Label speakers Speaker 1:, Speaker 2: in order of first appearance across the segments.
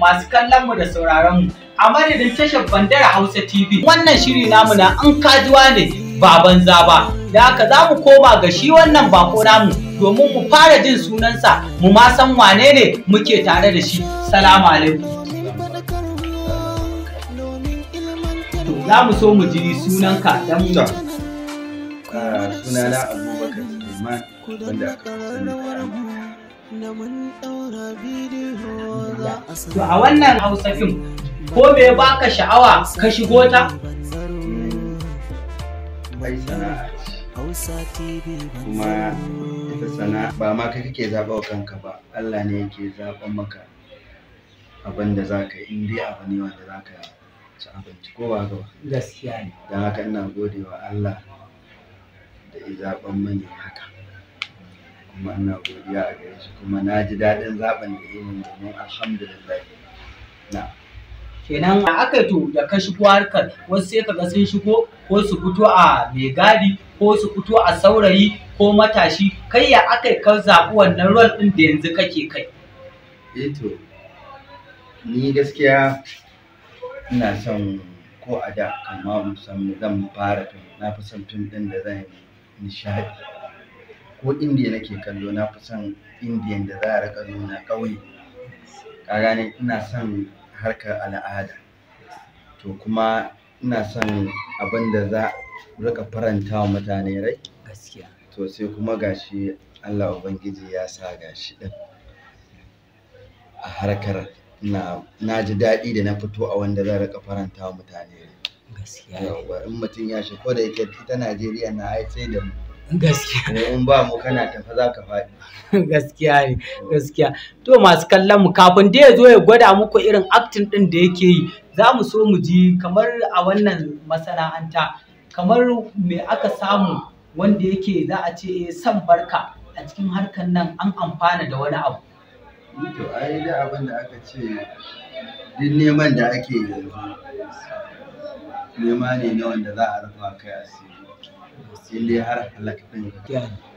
Speaker 1: masu kallon mu da sauraron mu a madadin tashar bandar Hausa TV. Wannan shiri namu na an kajuwa ne ba banza ba. Da haka za mu koma ga shi wannan bako namu domin mu fara jin sunansa mu ma san wane ne muke tare da shi. Salamu alaikum. Za mu so mu sunan ka dan mu. Ah, sunana
Speaker 2: Abubakar suleiman wanda
Speaker 1: aka sani To a wannan Hausa fim ko me baka sha'awa ka shigo ta? kuma ita sana ba ma kai
Speaker 2: kake zaɓa wa kanka ba Allah ne yake zaɓan maka abin da za ka yi dai abu ne wanda za ka ci abinci ko ba ga
Speaker 1: gaskiya ne
Speaker 2: don haka ina gode wa Allah da ya zaɓan mani haka kuma ina godiya a gare shi kuma na ji daɗin zaɓin da min domin alhamdulillah
Speaker 1: na kenan a aka to da ka shigo harkar wasu sai ka ga sun shigo ko su fito a mai gadi ko su fito a saurayi ko matashi kai ya aka ka zaɓi wannan rol ɗin da yanzu kake kai eh to ni
Speaker 2: gaskiya ina
Speaker 1: son ko a da amma
Speaker 2: musamman zan fara tun na fi son tun ɗin da zan nishaɗi ko indiya nake kallo na fi son indiyan da za a rika nuna ƙauye ka gane ina son harkar al'ada to kuma ina son abin da za rika faranta wa mutane rai gaskiya to sai kuma gashi Allah Ubangiji ya sa gashi ɗin a harkar na ji daɗi da na fito a wanda za rika faranta wa mutane rai gaskiya in mutum ya shi ko da yake ta Najeriya na sai da mu gaskiya in ba mu kana
Speaker 1: tafa za ka faɗi gaskiya ne gaskiya to masu kallon mu kafin da ya zo ya gwada muku irin acting din da yake yi za mu so mu ji kamar a wannan masana'anta kamar me aka samu wanda yake za a ce eh, san barka a cikin harkar nan an amfana da wani abu
Speaker 2: to ai da abin da aka ce duk neman da ake yanzu
Speaker 1: nema ne na wanda za
Speaker 2: a rufa kai asiri wasili har halak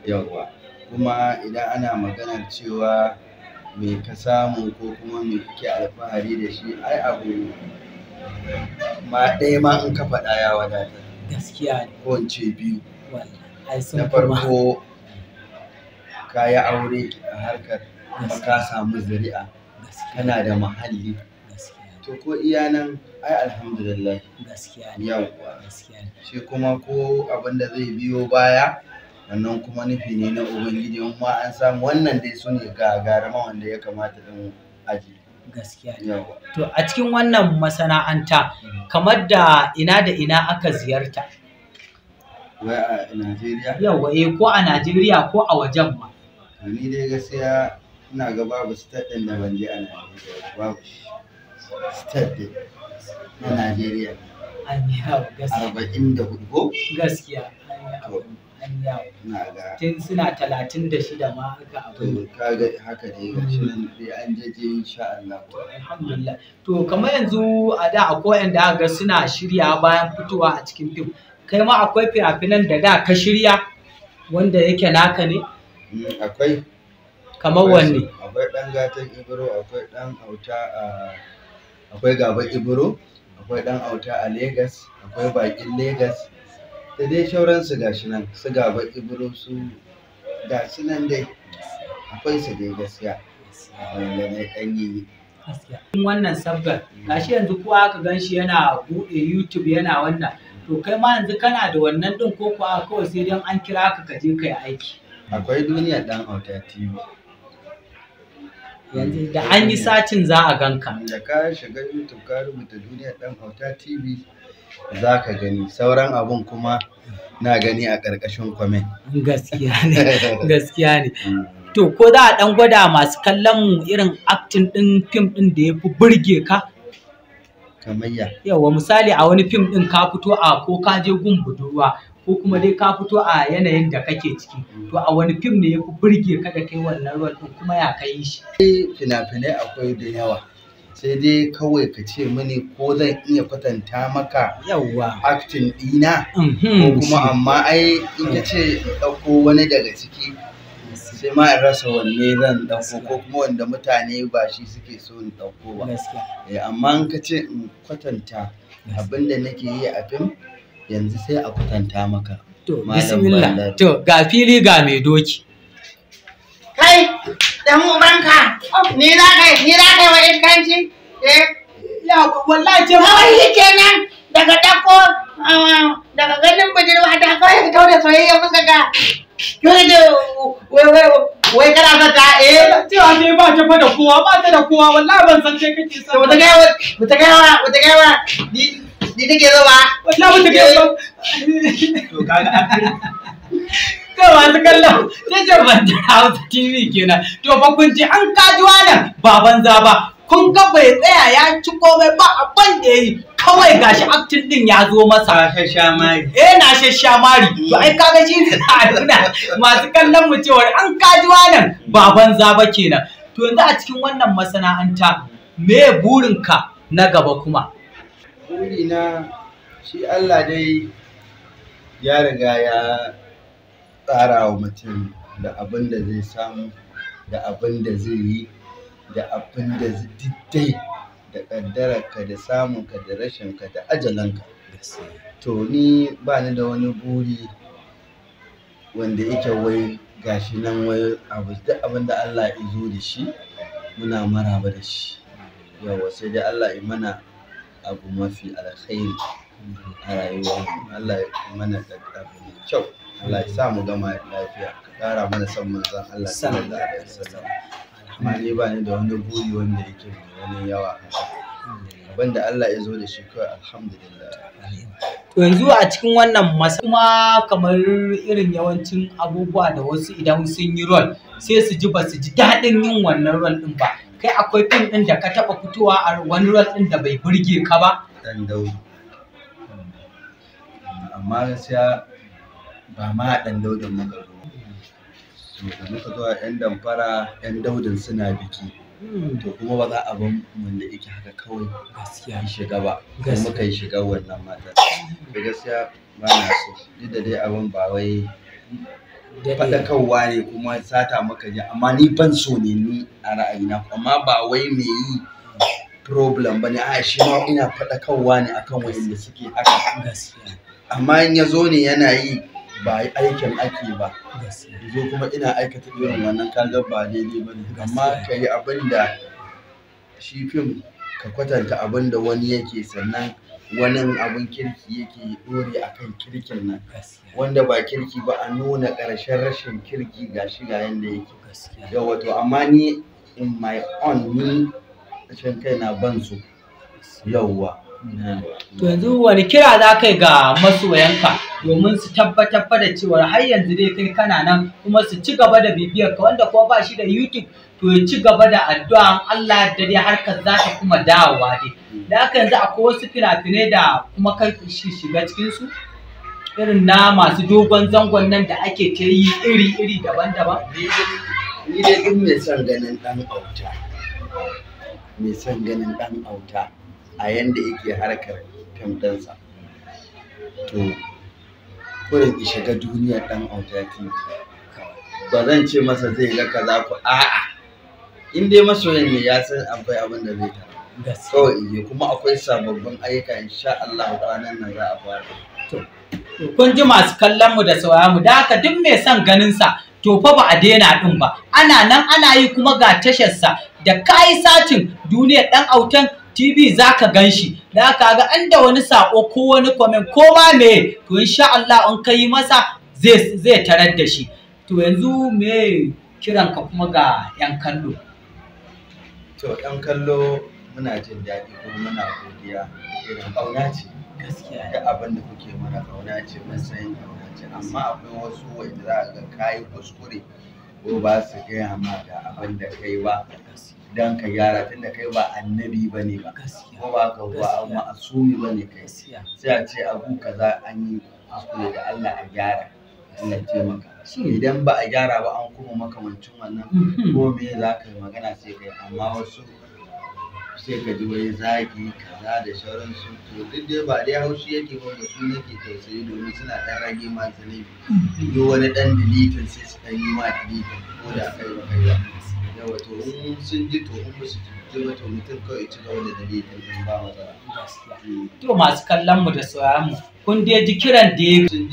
Speaker 2: yawa kuma idan ana maganar cewa me ka samu ko kuma me kike alfahari da shi ai abu ma ɗaya ma in ka faɗa ya wadata gaskiya ko in ce biyu
Speaker 1: na farko
Speaker 2: ka yi aure a harkar kuma ka samu zuri'a kana da muhalli to ko iya nan ai alhamdulillah gaskiya ne yawwa gaskiya shi kuma ko abin da zai biyo baya wannan kuma nufi ne na ubangiji in ma an samu wannan dai su ne garama wanda ya kamata din aji
Speaker 1: gaskiya ne to a cikin wannan masana'anta mm. kamar da ina da ina aka ziyarta
Speaker 2: wai a Najeriya
Speaker 1: yawa eh ko a Najeriya ko a wajen
Speaker 2: ma ni dai gaskiya ina ga babu su taɗin da ban je a Najeriya babu shi state na Najeriya.
Speaker 1: Arba'in
Speaker 2: da hudu ko? Gaskiya. Tun suna talatin
Speaker 1: da shida ma aka abu. kaga haka ga shi nan dai an insha Allah. Alhamdulillah. To kamar yanzu a da akwai da aka suna shirya bayan fitowa a cikin fim. Kai ma akwai fina-finan da da ka shirya wanda yake naka ne? Mm, akwai. Kamar wanne?
Speaker 2: Akwai ɗan gatan Ibro, akwai ɗan auta a ah, akwai gaba ibro akwai dan auta a Legas, akwai bakin Legas, da dai shauransu shi nan su gaba ibro su su nan dai akwai su dai gaskiya wanda dan yi
Speaker 1: wannan sabgar gashi yanzu kowa aka gan shi yana buɗe youtube yana wannan to kai ma yanzu kana da wannan ɗin ko kuwa kawai sai dan an kira ka kaje je ka aiki akwai duniya dan auta tv da an yi satin za a ganka
Speaker 2: da ka shiga youtube ka rubuta duniya dan hauta tv za ka gani
Speaker 1: sauran abun kuma na gani a ƙarƙashin kwamen gaskiya ne gaskiya ne mm. to ko za a dan gwada masu kallon mu irin acting din fim din da ya fi burge ka Yau, yawa misali a wani fim din ka fito a ko ka je gun budurwa ko kuma dai ka fito a yanayin da kake ciki to a wani fim ne ya fi burge ka da kai wannan ruwan din kuma ya kai shi
Speaker 2: eh, fina-finai akwai da yawa sai dai kawai ka ce mini ko zan iya kwatanta maka yawa acting dina mhm. ko kuma amma ai in ka ce ɗauko wani daga ciki sai ma in rasa wanne zan ɗauko ko kuma wanda mutane ba shi suke so in ɗauko ba eh, amma in ka ce in kwatanta abinda nake yi a fim
Speaker 1: yanzu sai a kwatanta maka to bismillah to ga fili ga mai doki kai dan ubanka ni za ka ni za ka wa iskanci eh ya wallahi ce wai kenan daga dako ah, daga ganin budurwa da kawai ka kawo da soyayya muka ga Kyau da wai wai wai kana fata eh a ce ba ta fa da kowa ba ta da kowa wallahi ban san kai kake sa. Wata gaiwa wata gaiwa wata gaiwa Dito kayo ba Wala mun take zo to kaga to masu kallo ta da TV kenan to fa kun ji an kajuwa nan baban za ba kun ga bai tsaya ya ci komai ba abin da yayi kawai gashi aktin din ya zo masa shasha mari eh na shasha mari to ai kaga shi ne a nuna masu kallon mu cewa an kajuwa nan baban za kenan to yanzu a cikin wannan masana'anta me burinka na gaba kuma buri na shi Allah
Speaker 2: dai ya riga ya tsara wa mutum da abin da zai samu da abin da zai yi da abin da dai da ƙaddararka da ka da rashinka da ajalanka to ni ba ni da wani buri wanda yake wai gashi nan wai abu duk abin da Allah ya zo da shi muna maraba da shi yawa sai dai Allah ya mana abu mafi alkhairi a rayuwar Allah ya mana da abu mai kyau Allah ya sa mu gama lafiya ka ƙara mana son manzon Allah sallallahu alaihi wasallam amma ni ba ni da wani buri wanda yake wani
Speaker 1: yawa abinda Allah ya zo da shi kawai alhamdulillah to yanzu a cikin wannan masa kuma kamar irin yawancin abubuwa da wasu idan sun yi rol sai su ji ba su ji daɗin yin wannan rol ɗin ba kai akwai fim ɗin da ka taɓa fitowa a wani rol ɗin da bai burge ka ba? Dan dauri. Amma gaskiya ba ma ɗan daudin muka zo.
Speaker 2: So da muka zo ‘yan damfara ‘yan daudin suna biki. Hmm. To kuma ba za a ban mun da yake haka kawai gaskiya shiga ba. kai muka yi shiga wannan matar gaskiya ba na so. Duk da dai abin ba wai
Speaker 1: faɗakarwa
Speaker 2: ne kuma sata maka ji amma ni ban so ne ni a ra'ayina amma ba wai me yi problem ba ne a shi ma ina faɗakarwa ne akan wayanda suke haka amma in ya zo ne yana yi ba aikin ake ba zo kuma ina aikata irin wannan kaga ba daidai ba amma ka yi abin da shi fim ka kwatanta abin da wani yake sannan wani abun kirki yake dore a kan kirkin nan wanda ba kirki ba a nuna ƙarshen rashin kirki ga shi ga yadda yake ga wato amma ni in my own ni shan
Speaker 1: kai na ban su mm. yauwa to yanzu wani kira za kai ga masoyanka domin su tabbatar da cewa har yanzu dai kai kana nan kuma su ci gaba da bibiyar ka wanda kuma ba shi da YouTube to ya ci gaba da addu'a Allah da dai harkar za ta kuma dawowa dai da haka yanzu akwai wasu fina-finai da kuma kai shiga cikin su irin na masu dogon zangon nan da ake ta yi iri-iri daban-daban
Speaker 2: ni dai duk mai son ganin dan auta mai son ganin dan auta a yanda yake harkar fim to kurin ki shiga duniyar ɗan autaki ba zan ce masa zai ga kaza ku a'a in dai masoyan ne ya san akwai abin da zai tara kawai ije kuma akwai sababbin ayyuka insha Allah kwanan nan za a fara
Speaker 1: to kun ji masu kallon mu da sauraron mu da haka duk mai son ganin sa to fa ba a daina din ba ana nan ana yi kuma ga tashar sa da kai satin duniya dan autan TV za ka gan shi da ka ga an wani sako ko wani komen ko ma me to insha Allah in ka yi masa zai tarar da shi to yanzu me kiran ka kuma ga yan kallo to yan kallo
Speaker 2: muna jin daɗi kuma muna godiya irin ƙauna ce gaskiya da abin da kuke mana ƙauna ce matsayin ƙauna ce amma akwai wasu wanda za ka ga kayi kuskure ko ba su gaya ma da abin da kai ba dan ka gyara tunda kai ba annabi ba ne ba kuma ba ka ba ma'asumi ba ne kai sai a ce abu kaza an yi kuskure da Allah a gyara Allah ce maka idan ba a gyara ba an kuma makamancin wannan hmm. ko me za ka yi magana sai kai amma wasu sai ka ji wai zagi kaza da sauransu to duk dai ba dai haushi yake ba da su nake tausayi domin suna ɗan rage ma zanibi hmm. duk wani ɗan dilitin sai su ɗan yi ma dilitin ko da kai ba kai ba yawa to in sun ji to kuma su ji mata mutum kawai
Speaker 1: ci gaba da dalilin ba matsala to masu kallon mu da sauraron mu kun dai ji kiran da ya